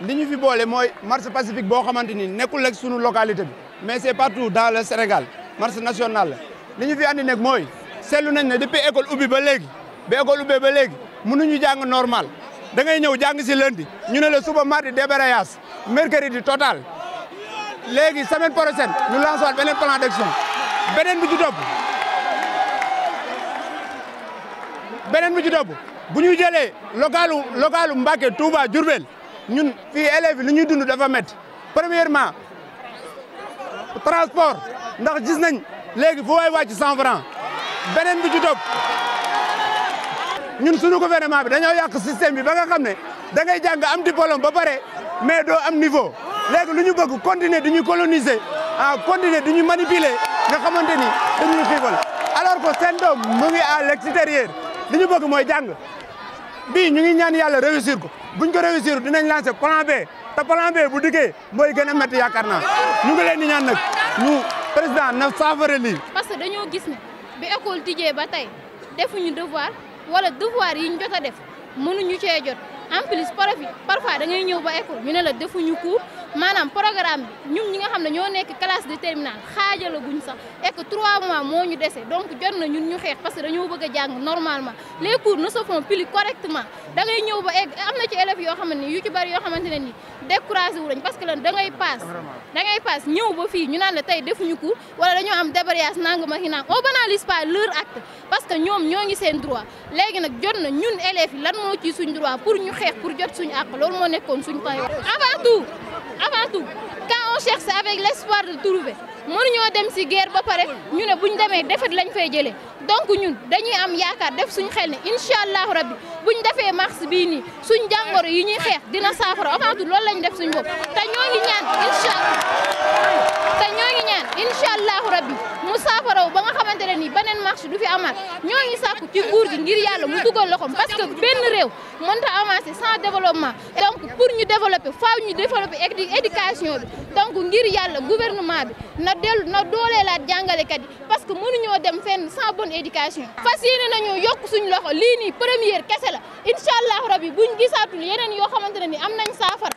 li ñu fi boole mooy marche pacifique boo xamante ni nekkul rek sunu localité bi mais c'est partout dans le Sénégal marche nationale la li ñu fi andi nekk mooy seetlu nañ ne depuis école ubbi ba léegi ba école ubbi ba léegi mënuñu jàng normal da ngay ñëw jàng si lundi ñu ne la suba mardi débrayage mercredi total léegi semaine prochaine ñu lance waat beneen plan d'action beneen bu ci topp beneen bi ci topp bu ñu jëlee localu localu Mbacké Touba Diourbel ñun fii élèves yi lu ñuy dund dafa métti premièrement transport ndax gis nañ léegi fu waay wàcc cent franc beneen bi ci topp ñun suñu gouvernement bi dañoo yàq système bi ba nga xam ne da ngay jàng am diplôme ba pare mais doo am niveau léegi lu ñu bëgg continuer di ñu coloniser ah continuer di ñu manipuler nga xamante ni dañuy xiifal alors que seen doom mu ngi à l'extérieur li ñu bëgg mooy jàng bii ñu ngi ñaan yàlla réussir ko buñ ko réussir dinañ lancer plan B te plan B bu dikkee mooy gën a métti yaakaar naa na ngi leen di ñaan nag ñu président na saafara lii. parce que dañoo gis ne bi école tijjee ba tey defuñu devoir wala devoir yi ñu jot a def mënuñu cee jot en plus parfois da ngay ñëw ba école ñu ne la defuñu cours maanaam programme bi ñun ñi nga xam ne ñoo nekk classe de terminale xaajala guñ sax et que trois mois moo ñu dese donc jot na ñun ñu xeex parce que dañoo bëgg a jàng normalement les cours ne se font plus correctement da ngay ñëw ba egg am na ci yoo xamante ni yu ci bari yoo xamante ne ni découragé wu lañ parce que lan da ngay paas da paas ñëw ba fii ñu naan la tey defuñu cours wala dañoo am débrayage nangam ak nangam on banalise pas leur acte parce que ñoom ñoo ngi seen droit nag jot na ñun élèves yi lan moo suñ pour ñu xeex pour jot suñu àq loolu moo nekkoon suñ partout quand on cherche avec l'espoir de trouver mënuñoo dem si geer ba pare ñu ne buñ demee défaite lañ fay jëlee donc ñun dañuy am yaakaar def suñ xel ne incha allahu rabbi buñ defee mars bii nii suñ jàngoro yi ñuy xeex dina saafara avant tout loolu lañ def suñ bopp te ñoo ngi ñaan benn marche du fi amaat ñooñu sàkku ci nguur gi ngir yàlla mu dugal loxoom parce que benn réew mënta avancer sans développement donc pour ñu développer faaw ñu développer éducation bi donc ngir yàlla gouvernement bi na dellu na dooleelaat jàngalekat yi parce que mënuñoo dem fenn sans bonne éducation fas yéene nañoo yokk suñu loxo lii nii première kese la incha allah rabi buñ gisaatul yeneen yoo xamante ni am nañ saafara